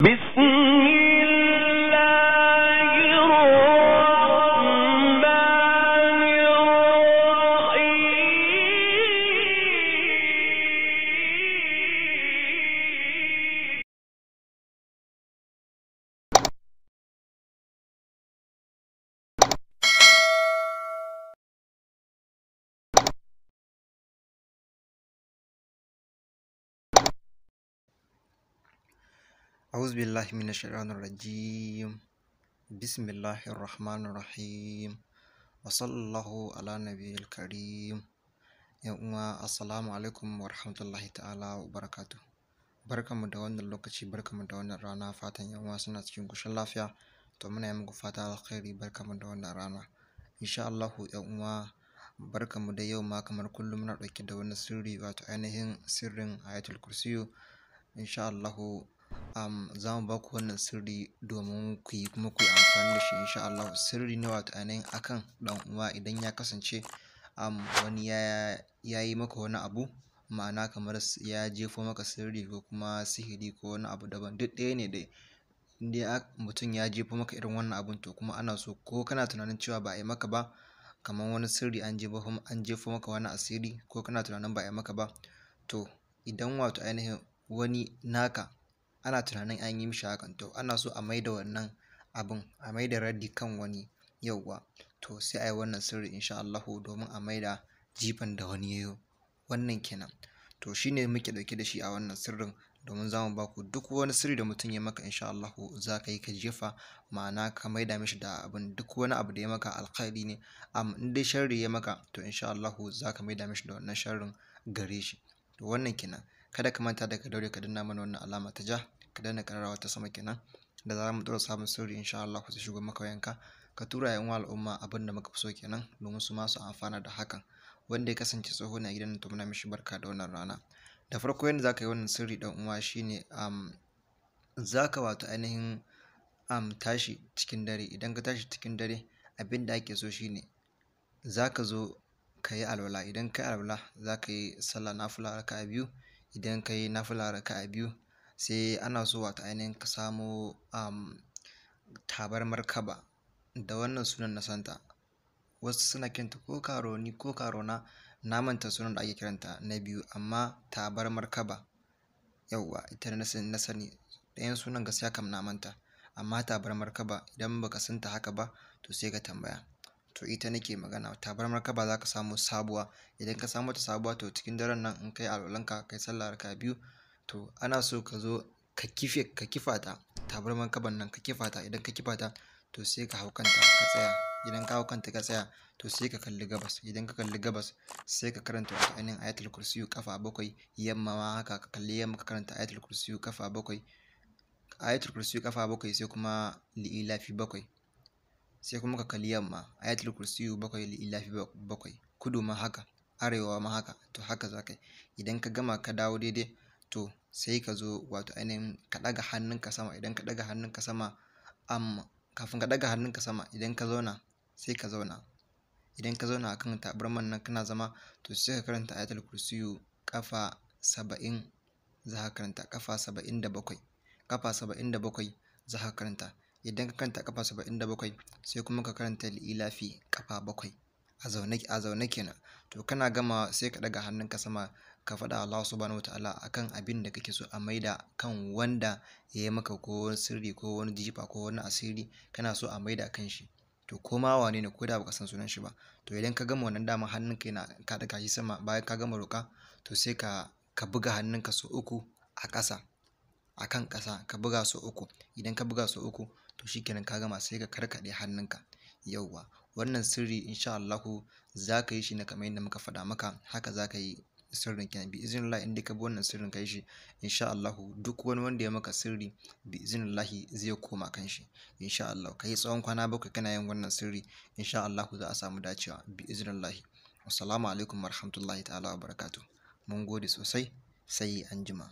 Miss أعوذ بالله من الشيطان الرجيم بسم الله الرحمن الرحيم وصلى الله على نبي الكريم يا أمة السلام عليكم ورحمة الله تعالى وبركاته da wannan lokaci barkanmu da wannan rana fatan yan uwa suna cikin kushin lafiya to muna yi muku fata alkhairi barkanmu da wannan rana insha Allah yan uwa barkanmu da yau ma kamar kullum muna dauke da wani sirri wato ainihin sirrin ayatul kursiyu insha Allah um, za mu ba wannan sirri domin ku yi kuma ku yi amfani da shi insha Allah sirri ne wato ainihin akan dan uwa idan ya kasance um, wani ya yi maka wani abu ma'ana kamar ya jefo maka sirri ko kuma sihiri ko wani abu daban duk ɗaya ne dai indai mutum ya jefo maka irin wannan abun to kuma ana so ko kana tunanin cewa ba a yi maka ba kamar wani sirri an jefo an jefo maka wani asiri ko kana tunanin ba a yi maka ba to idan wato ainihin wani naka ana tunanin an yi mishi hakan to ana so a maida wannan abun a maida raddi kan wani yauwa to sai a yi wannan sirri insha Allahu domin a maida jifan da wani yayo wannan kenan to shine muke ɗauke da shi a wannan sirrin domin za mu ba ku duk wani sirri da mutum ya maka insha Allahu za ka yi ka jefa ma'ana ka maida mishi da abin duk wani abu da ya maka alkhairi ne am in dai sharri ya maka to insha Allahu za ka maida mishi da wannan sharrin gare shi to wannan kenan kada ka manta da ka daure ka danna mana wannan alama ta ja ka dana ƙararrawa ta sama kenan da zarar mu ɗora sabon sirri insha Allah ku shigo maka yanka ka tura yan al'umma abin da muka fi so kenan domin su ma su amfana da hakan wanda ya kasance tsoho na gidan to muna mishi barka da wannan rana da farko yadda za ka yi wannan sirri dan uwa shine um, za wato ainihin um, tashi cikin dare idan ka tashi cikin dare abin da ake so shine za zo ka yi alwala idan ka yi alwala za ka yi sallah nafila raka'a biyu idan ka yi nafila raka'a biyu sai ana so wato ainihin ka samo um, markaba da wannan sunan na santa wasu suna kiranta ko karoni ko karona na manta sunan da ake kiranta na biyu amma tabar markaba yauwa ita na sani ɗayan sunan gaskiya kam na manta amma tabar markaba idan baka san ta haka ba to sai ka tambaya to ita nake magana tabar markaba za ka samu sabuwa idan ka samu ta sabuwa to cikin daren nan in kai alwalanka kai sallah raka biyu to ana so ka zo ka kife ka kifa ta tabarman kaban nan ka kifa ta idan ka kifa ta to sai ka hau kanta ka tsaya idan ka hau kanta ka tsaya to sai ka kalli gabas idan ka kalli gabas sai ka karanta wato ainihin ayatul kursiyu kafa bakwai yamma ma haka ka kalli yamma ka karanta ayatul kursiyu kafa bakwai ayatul kursiyu kafa bakwai sai kuma li'ilafi bakwai sai kuma ka kalli yamma ayatul kursiyu bakwai li'ilafi bakwai kudu ma haka arewa ma haka to haka za ka yi idan ka gama ka dawo daidai to sai ka zo wato ainihin ka ɗaga hannunka sama idan ka ɗaga hannunka sama amma kafin ka ɗaga hannunka sama idan ka zauna sai ka zauna idan ka zauna akan tabarman nan kana zama to sai ka karanta ayatul kursiyu kafa saba'in za ka karanta kafa saba'in da bakwai kafa saba'in da bakwai za ka karanta idan ka karanta kafa saba'in da bakwai sai kuma ka karanta li'ilafi kafa bakwai a zaune a zaune kenan to kana gama sai ka ɗaga hannunka sama ka faɗa Allah subhanahu wataala akan abin da kake so a maida kan wanda ya yi maka ko wani sirri ko wani jifa ko wani asiri kana so a maida kan shi to ko ma wane ne ko da baka san sunan shi ba to idan ka gama wannan dama hannunka yana ka daga shi sama bayan ka gama roƙa to sai ka ka buga hannunka sau uku a ƙasa a kan ƙasa ka buga sau uku idan ka buga sau uku to shikenan ka gama sai ka karkaɗe hannunka yauwa wannan sirri insha Allahu za ka yi shi ne kamar yadda muka faɗa maka haka za ka yi sirrin kenan bi iznillahi in dai ka bi wannan sirrin kai shi insha Allahu duk wani wanda ya maka sirri bi iznillahi zai koma kan shi insha Allahu kai tsawon kwana bakwai kana yin wannan sirri insha Allahu za a samu dacewa bi Allah assalamu alaikum warahmatullahi ta'ala wabarakatuh mun gode sosai sai anjima